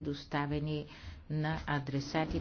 доставени на адресатите.